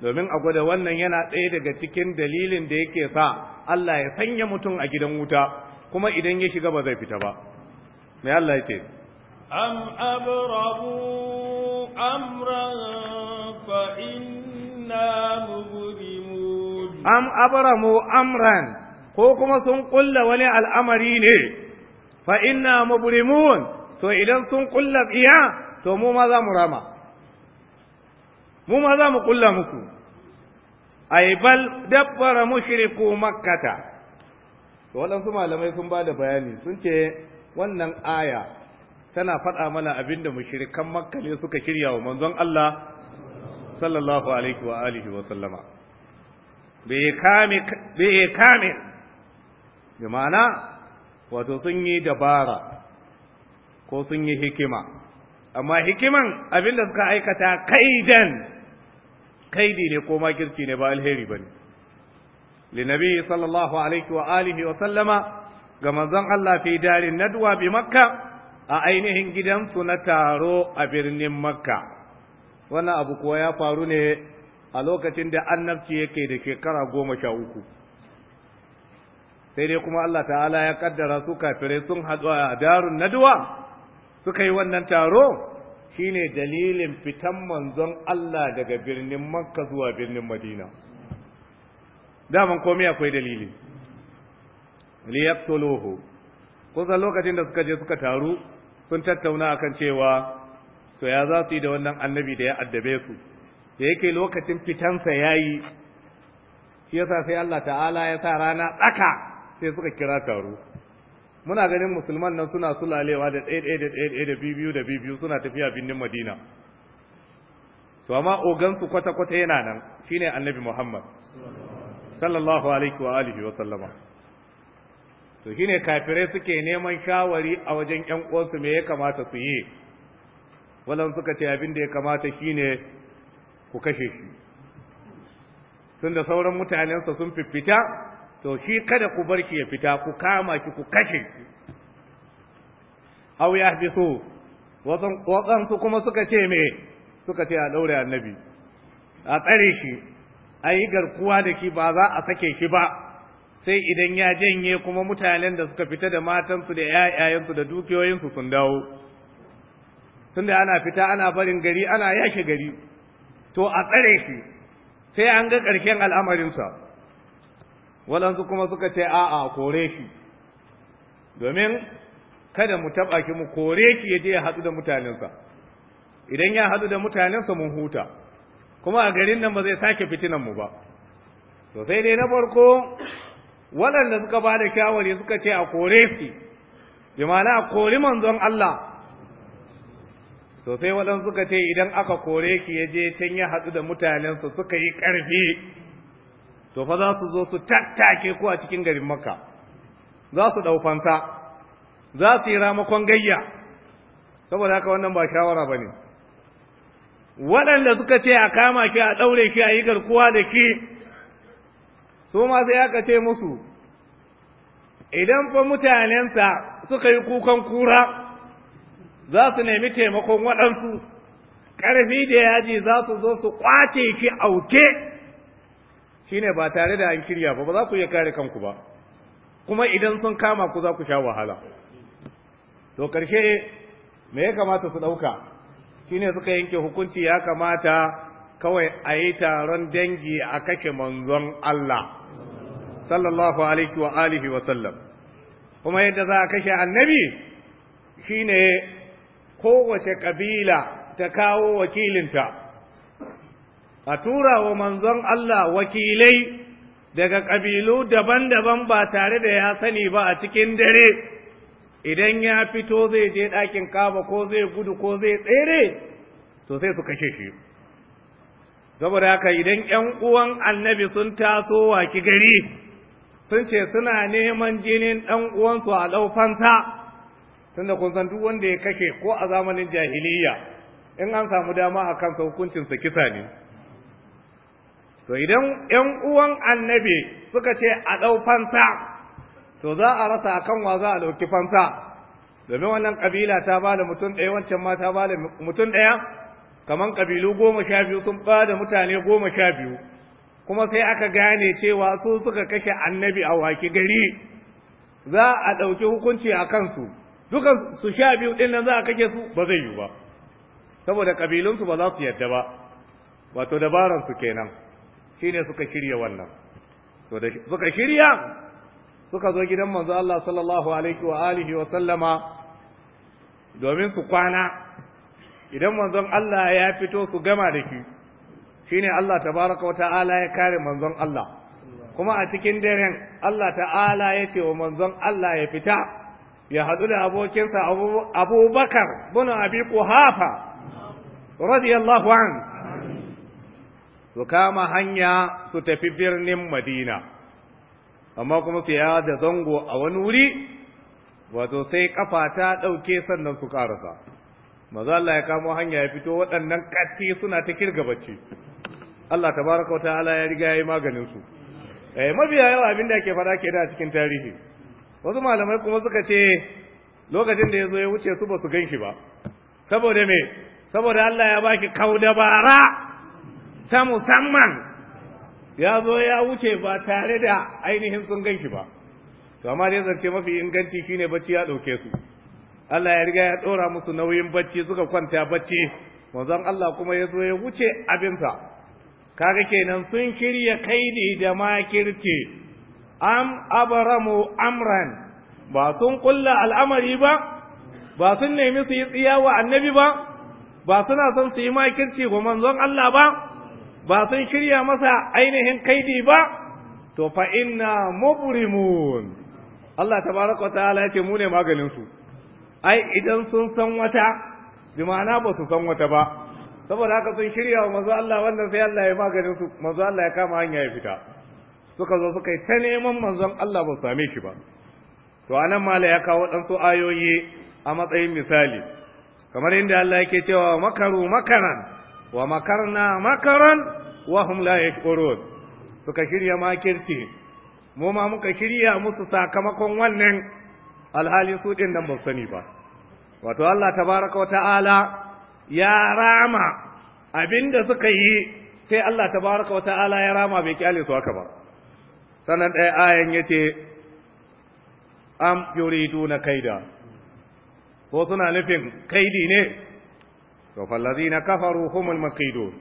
domin a gwada wannan yana tsaye daga cikin dalilin da yake sa Allah ya sanya mutum a gidan wuta kuma idan ya shiga ba zai fita ba mai Allah ya ce am abrabu amran fa inna mubrimun am abramu amran ko kuma sun kulla wani al'amari ne fa inna mubrimun to idan sun kulla iya, to mu ma za mu rama mu ma za mu kulla musu ay bal dabbara mushriku makkata to waɗansu malamai sun ba da bayani sun ce wannan aya tana faɗa mana abin da mushrikan makka ne suka shirya wa manzon Allah sallallahu alaihi wa alihi wa sallama bi kame bi ma'ana wato sun yi dabara ko sun yi hikima amma hikiman abin da suka aikata kaidan kaidi ne ko makirci ne ba alheri bane ga لنبي صلى الله عليه وآله وسلم كما زن الله في دار الندوة بمكة أعينهم جدا سنتارو أبرن مكة وانا أبو كويا فاروني ألوكة دا yake da shekara goma sha uku. sai dai kuma Allah ta'ala ya ƙaddara su kafirai sun haɗu a darun naduwa suka yi wannan taro shine dalilin fitan manzon Allah daga birnin Makka zuwa birnin Madina daman komai akwai dalili liyaqtuluhu kusa lokacin da suka je suka taru sun tattauna akan cewa to ya za su yi da wannan annabi da ya addabe su da yake lokacin fitansa yayi shi yasa sai Allah ta'ala ya sa rana tsaka sai suka kira taru. muna ganin musulman nan suna sulalewa da ɗaya ɗaya da ɗaya ɗaya da biyu da biyu suna tafiya birnin Madina to amma ogansu kwata-kwata yana nan shine annabi Muhammad sallallahu alaihi wa alihi wa sallama to shine kafirai suke neman shawari a wajen ƴan uwansu me ya kamata su yi wannan suka ce abin da ya kamata shine ku kashe shi tun da sauran mutanensa sun fifita to shi kada ku bar shi ya fita ku kama shi ku kashe shi aw yahbisu su kuma suka ce me suka ce a daure annabi a tsare shi Ayi yi garkuwa da ki ba za a sake ki ba sai idan ya janye kuma mutanen da suka fita da matansu da ‘ya'yayensu da dukiyoyinsu sun dawo sun da ana fita ana barin gari ana yashe gari to a tsare shi sai an ga ƙarshen al'amarinsa waɗansu kuma suka ce a kore shi domin kada mu taɓa ki mu kore ki ya je ya haɗu da mutanensa idan ya hadu da mutanensa mun huta kuma a garin nan ba zai sake fitinan mu ba to sai dai na farko waɗanda suka ba da kyawari suka ce a kore su bi ma'ana a kori manzon Allah to sai waɗansu suka ce idan aka kore ki ya je can ya haɗu da su suka yi ƙarfi to fa za su zo su tattake ku a cikin garin makka za su ɗau fanta, za su yi ramakon gayya saboda haka wannan ba shawara ba ne waɗanda suka ce a kama ki a ɗaure ki a yi garkuwa da ki su ma sai aka ce musu idan fa mutanensa suka yi kukan kura za su nemi taimakon waɗansu ƙarfi da yaji za su zo su ƙwace ki auke Shi ne ba tare da an kirya ba ba za ku iya kare kanku ba kuma idan sun kama ku za ku sha wahala to ƙarshe me ya kamata su ɗauka shine suka yanke hukunci ya kamata kawai a yi taron dangi a kashe manzon Allah sallallahu alaihi wa alihi wa sallam kuma yadda za a kashe annabi shine kowace kabila ta kawo wakilinta a tura wa manzon Allah wakilai daga ƙabilu daban-daban ba tare da ya sani ba a cikin dare idan ya fito zai je ɗakin kaba ko zai gudu ko zai tsere to sai su kashe shi saboda haka idan ƴan uwan annabi sun taso waki gari sun ce suna neman jinin ɗan uwansu a laufansa tunda kun san duk wanda ya kashe ko a zamanin jahiliya in an samu dama a kansa hukuncinsa kisa ne to idan ƴan uwan annabi suka ce a ɗaufansa to za a rasa akan wa za a ɗauki fansa domin wannan ƙabila ta ba da mutum ɗaya wancan ma ta ba da mutum ɗaya kamar ƙabilu goma sha biyu sun ba da mutane goma sha biyu kuma sai aka gane cewa su suka kashe annabi a waki gari za a ɗauki hukunci a kansu dukan su sha biyu ɗin nan za a kashe su ba zai yi ba saboda ƙabilunsu ba za su yadda ba wato dabaransu kenan shine suka shirya wannan to da suka shirya suka zo gidan manzo Allah sallallahu alaihi wa alihi wa sallama domin su kwana idan manzon Allah ya fito su gama da shi shine Allah tabaraka wa ta'ala ya kare manzon Allah kuma a cikin daren Allah ta'ala ya ce wa manzon Allah ya fita ya haɗu da abokinsa abubakar bin abi kuhafa radiyallahu an su kama hanya su tafi birnin madina amma kuma su ya da zango a wani wuri wato sai kafa ta ɗauke sannan su ƙarasa maza Allah ya kamo hanya ya fito waɗannan ƙatti suna ta kirga bacci Allah tabaraka ala ya riga ya yi maganin su eh mabiya yawa abinda da ake faɗa ke da a cikin tarihi wasu malamai kuma suka ce lokacin da ya zo ya wuce su ba su gan shi ba saboda me saboda Allah ya baki kaudabara ta musamman ya zo ya wuce ba tare da ainihin sun ganki ba to amma dai zance mafi inganci shine bacci ya dauke su Allah ya riga ya dora musu nauyin bacci suka kwanta bacci manzon Allah kuma ya zo ya wuce abinsa kaga kenan sun shirya kaidi da makirci am abramu amran ba sun kulla al'amari ba ba sun nemi su yi tsiya wa annabi ba ba suna son su yi makirci ga manzon Allah ba ba sun shirya masa ainihin kaidi ba to fa inna mubrimun Allah tabaraka ta'ala ce mu ne maganin su ai idan sun san wata bi ma'ana ba su san wata ba saboda haka sun shirya wa manzo Allah wannan sai Allah ya maganin su manzo Allah ya kama hanya ya fita suka zo suka yi ta neman manzon Allah ba su same shi ba to anan mala ya kawo su ayoyi a matsayin misali kamar inda Allah yake cewa makaru makaran wa makarna makaran wa hum la yashkurun suka shirya makirci mu ma muka shirya musu sakamakon wannan alhali su din nan ba sani ba wato Allah tabaraka wa ta'ala ya rama abinda suka yi sai Allah tabaraka wa ta'ala ya rama bai kyale su haka ba sanan ɗaya ayan yace am na kaida ko suna nufin kaidi ne to fallazina kafaru humul maqidun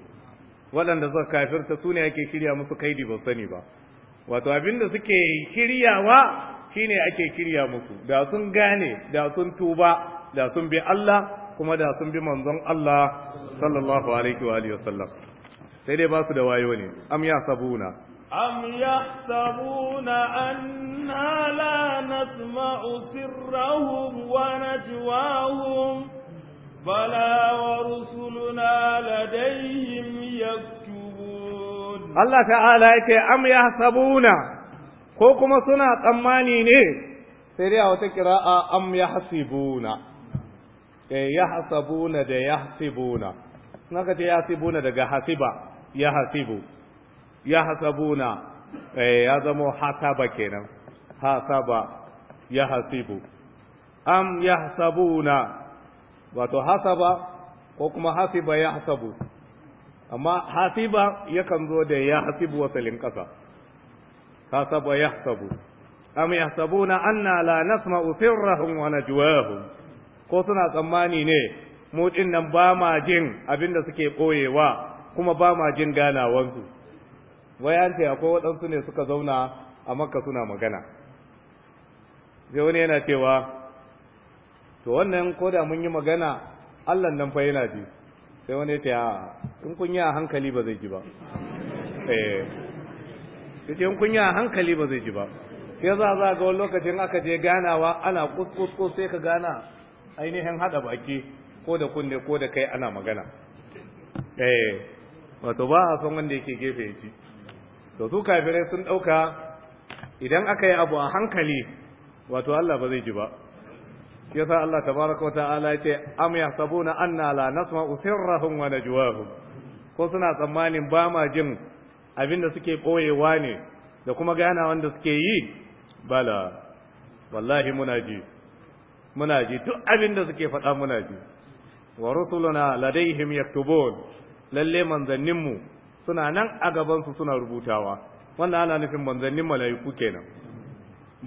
waɗanda suka kafirta sune ne ake kirya musu kaidi ba sani ba wato abinda suke kiryawa shine ake kirya musu da sun gane da sun tuba da sun bi Allah kuma da sun bi manzon Allah sallallahu alaihi wa alihi wasallam sai dai ba su da wayo ne am ya sabuna am sabuna anna la nasma'u sirrahum wa najwahum بلى ورسلنا لديهم يكتبون الله تعالى يتي أم يحسبون كوكما سنة أماني ني سريع وتكراء أم يحسبون يحسبون دي يحسبون نكت يحسبون دي حسبة يحسب يحسبون يا زمو حسب كنا حسب يحسب أم يحسبون wato hasaba ko kuma hasiba ya hasabu amma hasiba yakan zo da ya hasibu wasalin ƙasa hasaba ya hasabu am yahsabuna anna la nasma'u sirrahum wa najwahum ko suna tsammani ne mu nan ba ma jin abinda suke koyewa kuma ba ma jin ganawansu wayanta akwai waɗansu ne suka zauna a makka suna magana sai wani yana cewa to wannan ko da mun yi magana Allah nan fa yana biyu sai wani eh. ya ce in kun yi a hankali ba zai ji ba eh yace in kun yi a hankali ba zai ji ba sai za za ga wani lokacin aka je ganawa ana kuskusko sai ka gana ainihin hada baki ko da kunne ko da kai ana magana eh wato ba a son wanda yake gefe ya ci to su kafirai sun dauka idan aka yi abu a hankali wato Allah ba zai ji ba yasa Allah tabaraka wa ta'ala ya ce am yahsabuna anna la nasma usirrahum wa najwahum ko suna tsammanin ba ma jin abinda suke koyewa ne da kuma gana wanda suke yi bala wallahi muna ji muna ji duk abinda suke faɗa muna ji wa rusuluna ladaihim yaktubun lalle mu suna nan a gabansu suna rubutawa wannan ana nufin manzannin mala'iku kenan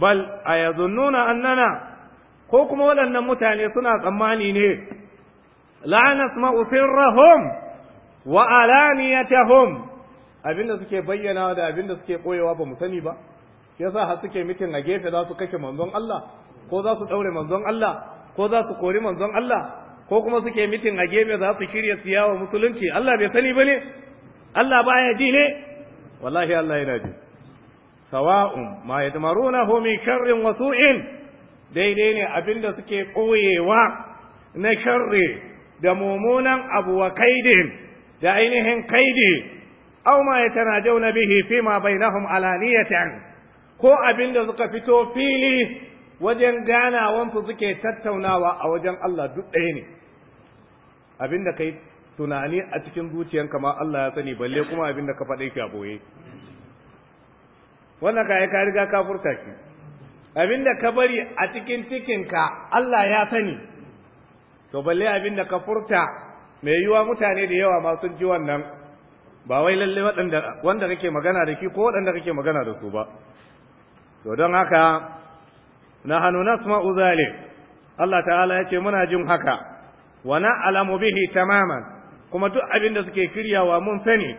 bal ayazunnuna annana ko kuma waɗannan mutane suna tsammani ne la nasma'u sirrahum wa alaniyatahum abinda suke bayyana da abinda suke koyewa ba mu sani ba yasa har suke mitin a gefe za su kashe manzon Allah ko za su daure manzon Allah ko za su kori manzon Allah ko kuma suke mitin a gefe za su shirya siyawa musulunci Allah bai sani bane Allah baya ji ne wallahi Allah yana ji sawa'un ma yatmaruna hu min sharrin wa su'in daidai ne abin da suke ɓoyewa na sharri da mummunan abu wa da ainihin kaidi aw ma na bihi fi ma bainahum alaniyatan ko abin da suka fito fili wajen wanda suke tattaunawa a wajen Allah duk ɗaya ne abin da kai tunani a cikin zuciyanka ma Allah ya sani balle kuma abin da ka faɗe ki a boye wannan ka ka riga ka furta ki Abin da ka bari a cikin cikinka Allah ya sani to balle da ka furta mai yiwa mutane da yawa ma sun ji wannan ba wai lalle waɗanda wanda kake magana da ki ko waɗanda kake magana da su ba to don haka na nahanu nasma'u uzale. Allah ta'ala ya ce muna jin haka wa alamu bihi tamaman kuma duk abin da suke kiryawa mun sani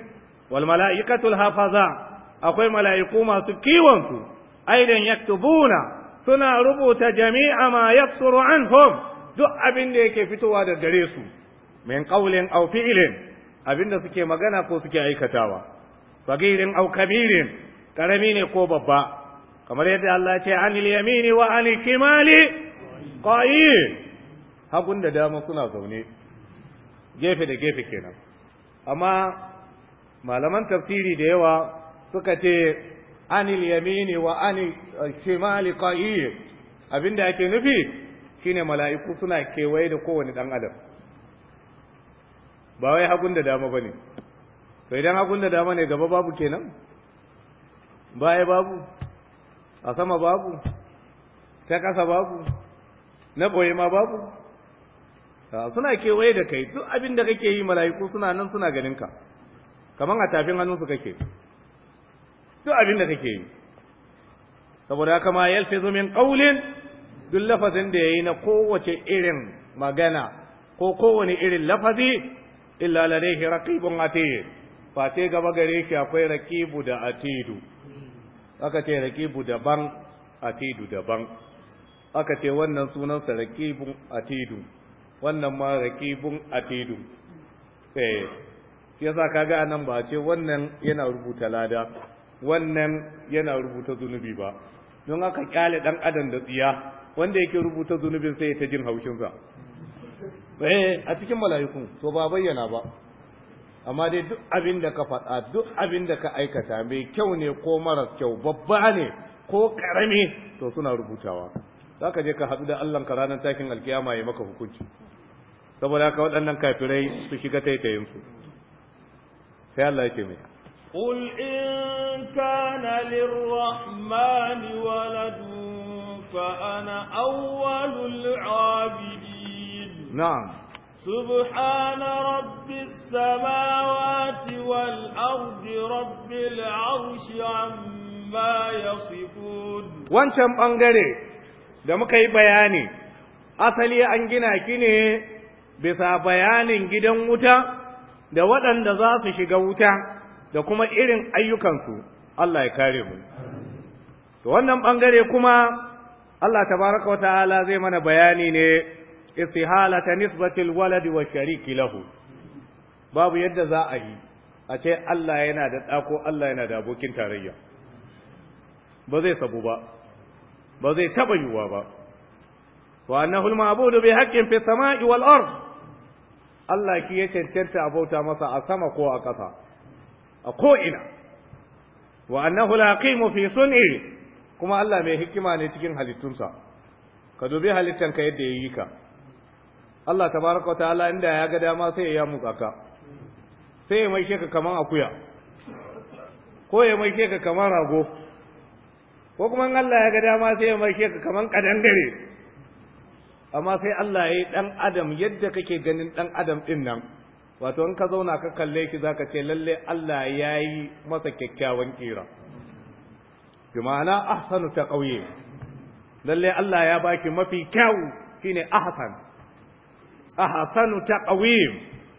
wal mala'ikatul hafaza akwai mala'iku masu kiwon su aidan yaktubuna suna rubuta jami'a ma yaqturu anhum duk abin da yake fitowa da gare su min qawlin aw fi'lin abin da suke magana ko suke aikatawa sagirin aw kabirin karami ne ko babba kamar yadda Allah ya ce anil yamini wa anil kimali qa'id Hakun da dama suna zaune gefe da gefe kenan amma malaman tafsiri da yawa suka ce an yamini wa anil shimali qa'id abinda ake nufi shine mala'iku suna kewaye da kowane dan adam ba wai hagun da dama bane to idan hagun da dama ne gaba babu kenan baya babu a sama babu ta kasa babu na boye ma babu suna kewaye da kai duk abin da kake yi mala'iku suna nan suna ganin ka kaman a tafin hannunsu kake duk abin da kake yi saboda kama yalfizu min qawlin duk lafazin da yayi na kowace irin magana ko kowane irin lafazi illa ladayhi raqibun atid fate gaba gare ki akwai raqibu da atidu aka ce raqibu daban atidu daban aka ce wannan sunan sa raqibun atidu wannan ma raqibun atidu eh yasa kaga anan ba ce wannan yana rubuta lada wannan yana rubuta zunubi ba don haka kyale dan adam da tsiya wanda yake rubuta zunubin sai ya ta jin haushinsa eh a cikin mala'ikun to ba bayyana ba amma dai duk abin da ka faɗa duk abin da ka aikata mai kyau ne ko maras kyau babba ne ko karami to suna rubutawa za ka je ka haɗu da Allah ka ranar takin alkiyama ya maka hukunci saboda haka waɗannan kafirai su shiga taitayinsu sai Allah yake mai قل إن كان للرحمن ولد فأنا أول العابدين نعم سبحان رب السماوات والأرض رب العرش عما يصفون wancan ɓangare da muka yi bayani asali an gina ki ne bisa bayanin gidan wuta da waɗanda za su shiga wuta da kuma irin ayyukansu Allah ya kare mu to wannan bangare kuma Allah tabaraka wa ta'ala zai mana bayani ne istihalata nisbatil waladi wa shariki lahu babu yadda za a yi a ce Allah yana da ɗako Allah yana da abokin tarayya ba zai sabu ba ba zai taɓa yiwuwa ba wa annahu al-ma'budu bi haqqin fi samai wal ard Allah ki ya cancanta a bauta masa a sama ko a ƙasa a ko'ina wa annahu mafi fi sun'i kuma Allah mai hikima ne cikin halittunsa ka dubi halittanka yadda ya yi ka Allah tabaraka wa ta'ala inda ya ga dama sai ya muka ka sai ya maishe ka kaman akuya ko ya maishe ka kaman rago ko kuma Allah ya ga dama sai ya maishe ka kaman kadangare amma sai Allah ya yi dan adam yadda kake ganin dan adam din nan wato in ka zauna ka kalle ki zaka ce lalle Allah ya yi masa kyakkyawan kira bi ma'ana ahsanu ƙauye, lalle Allah ya baki mafi kyau shine ahsan ahsanu taqwi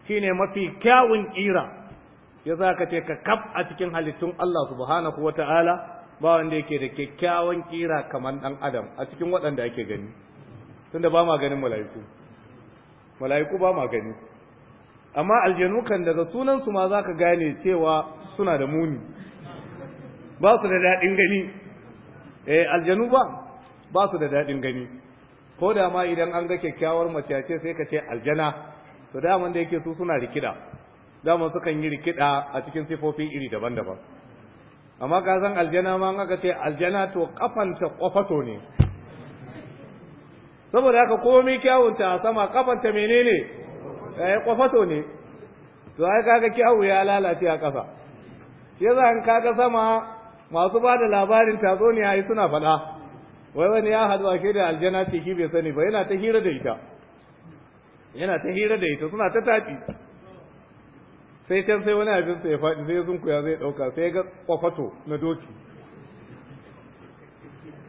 shine mafi kyawun kira ya zaka ce ka kaf a cikin halittun Allah subhanahu wataala ba wanda yake da kyakkyawan kira kamar dan adam a cikin waɗanda ake gani tunda ba ma ganin mala'iku mala'iku ba ma gani amma aljanukan kan daga sunansu ma za ka gane cewa suna da muni ba su da daɗin gani eh aljanu ba ba su da daɗin gani ko da ma idan an ga kyakkyawar ce sai ka ce aljana to daman da yake su suna rikida daman kan yi rikida a cikin sifofi iri daban-daban amma ka san aljana ma aka ce aljana to kafanta kwafato ne saboda haka komai kyawunta a sama kafanta menene eh kwafato ne to ai kaga kyawu ya lalace a kafa yasa an kaga sama masu ba da labarin tatsuniya ai suna faɗa wai wani ya hadu ake da aljana ce ki bai sani ba yana ta hira da ita yana ta hira da ita suna ta tafi. sai can sai wani abin sai ya faɗi sai zunkuya zai ɗauka sai ga kwafato na doki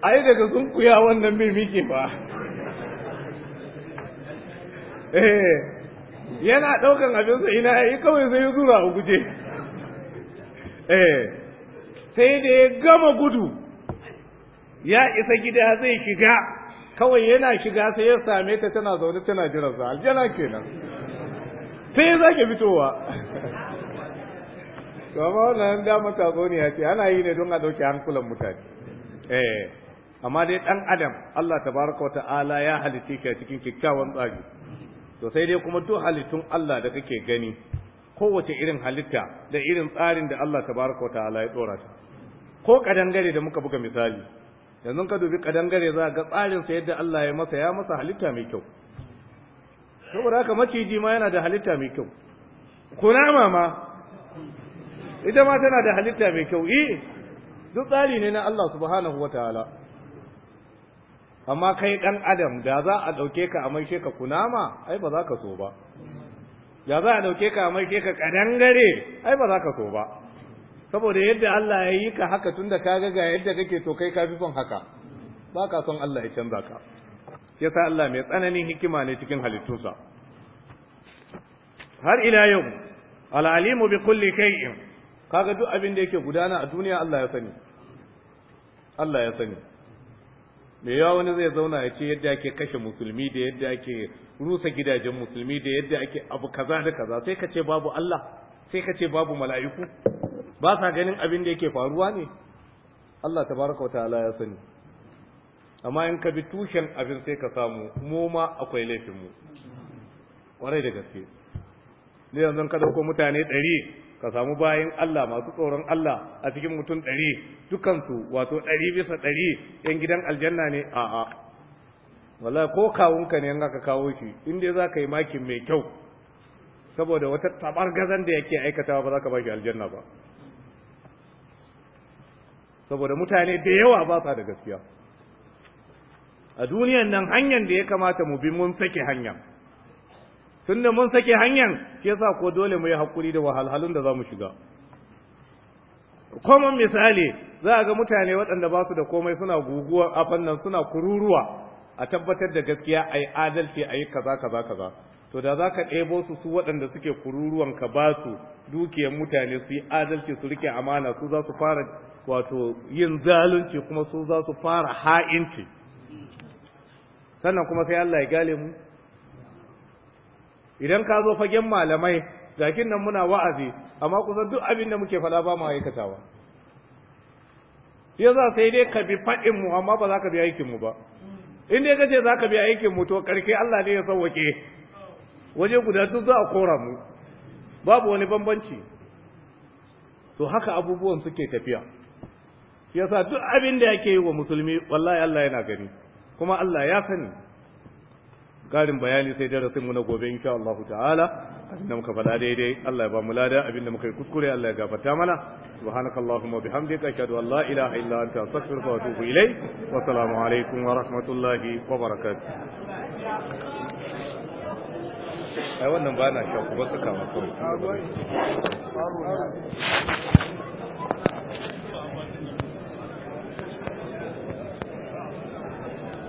ai daga zunkuya wannan bai miƙe ba eh yana ɗaukan abinsa ina yi kawai sai ya zura a guje eh sai da ya gama gudu ya isa gida zai shiga kawai yana shiga sai ya same ta tana zaune tana jiran sa, aljana kenan sai ya zake fitowa to amma zo ne ya ce ana yi ne don a ɗauke hankulan mutane eh amma dai ɗan adam Allah tabaraka wa ta'ala ya halicce ka cikin kyakkyawan tsari to sai dai kuma duk halittun Allah da kake gani kowace irin halitta da irin tsarin da Allah tabaraka wa ta'ala ya dora ta ko kadangare da muka buga misali yanzu ka dubi kadangare za ga tsarin sa yadda Allah ya masa ya masa halitta mai kyau saboda haka maciji ma yana da halitta mai kyau kunama ma ita ma tana da halitta mai kyau eh duk tsari ne na Allah subhanahu wa ta'ala amma kai ɗan adam da za a ɗauke ka a maishe ka kunama ai ba za ka so ba da za a ɗauke ka a maishe ka ƙadangare ai ba za ka so ba saboda yadda Allah ya yi ka haka tun da ka ga ga yadda kake to kai ka fi son haka ba ka son Allah ya canza ka shi yasa Allah mai tsananin hikima ne cikin halittunsa har ila yau al'alimu bi kulli in, kaga duk abin da yake gudana a duniya Allah Allah ya sani me yawa wani zai zauna ya ce yadda ake kashe musulmi da yadda ake rusa gidajen musulmi da yadda ake abu kaza da kaza sai ka ce babu Allah sai ka ce babu mala'iku ba sa ganin abin da yake faruwa ne Allah tabaraka wa ta'ala ya sani amma in ka bi tushen abin sai ka samu mu ma akwai laifin mu kwarai da gaske ne yanzu ka dauko mutane ɗari ka samu bayan Allah masu tsoron Allah a cikin mutum ɗari dukansu wato ɗari bisa ɗari yan gidan aljanna ne a'a wala ko kawunka ne in ka kawo shi inda za ka yi makin mai kyau saboda wata gazan da yake aikatawa ba za ka ba shi aljanna ba saboda mutane da yawa ba sa da gaskiya a duniyan nan hanyar da ya kamata mu bi mun sake hanya tunda mun sake hanyar shi yasa ko dole mu yi hakuri da wahalhalun da za mu shiga kuma misali za a ga mutane waɗanda ba su da komai suna guguwa a fannin suna kururuwa a tabbatar da gaskiya a yi adalci a yi kaza kaza kaza to da za ka ɗebo su su waɗanda suke kururuwan ka ba su dukiyar mutane su yi adalci su rike amana su za su fara wato yin zalunci kuma su za su fara ha'inci sannan kuma sai Allah ya gale mu idan ka zo fagen malamai jakin nan muna wa'azi amma kusan duk abin da muke fada ba mu aikatawa ya za sai dai ka bi faɗin mu amma ba za ka bi aikin mu ba in dai kace za ka bi aikin mu to karke Allah ne ya sauwake waje guda duk za a kora mu babu wani bambanci to haka abubuwan suke tafiya yasa duk abin da yake yi wa musulmi wallahi Allah yana gani kuma Allah ya sani karin bayani sai darasin mu na gobe insha Allah ta'ala abinda muka faɗa daidai Allah ya ba mu lada abinda muka yi kuskure Allah ya gafarta mana subhanakallahumma bihamdika ashhadu an la ilaha illa anta astaghfiruka wa atubu ilayk wa assalamu alaikum wa rahmatullahi wa barakatuh ai wannan ba na shakku ba suka kawai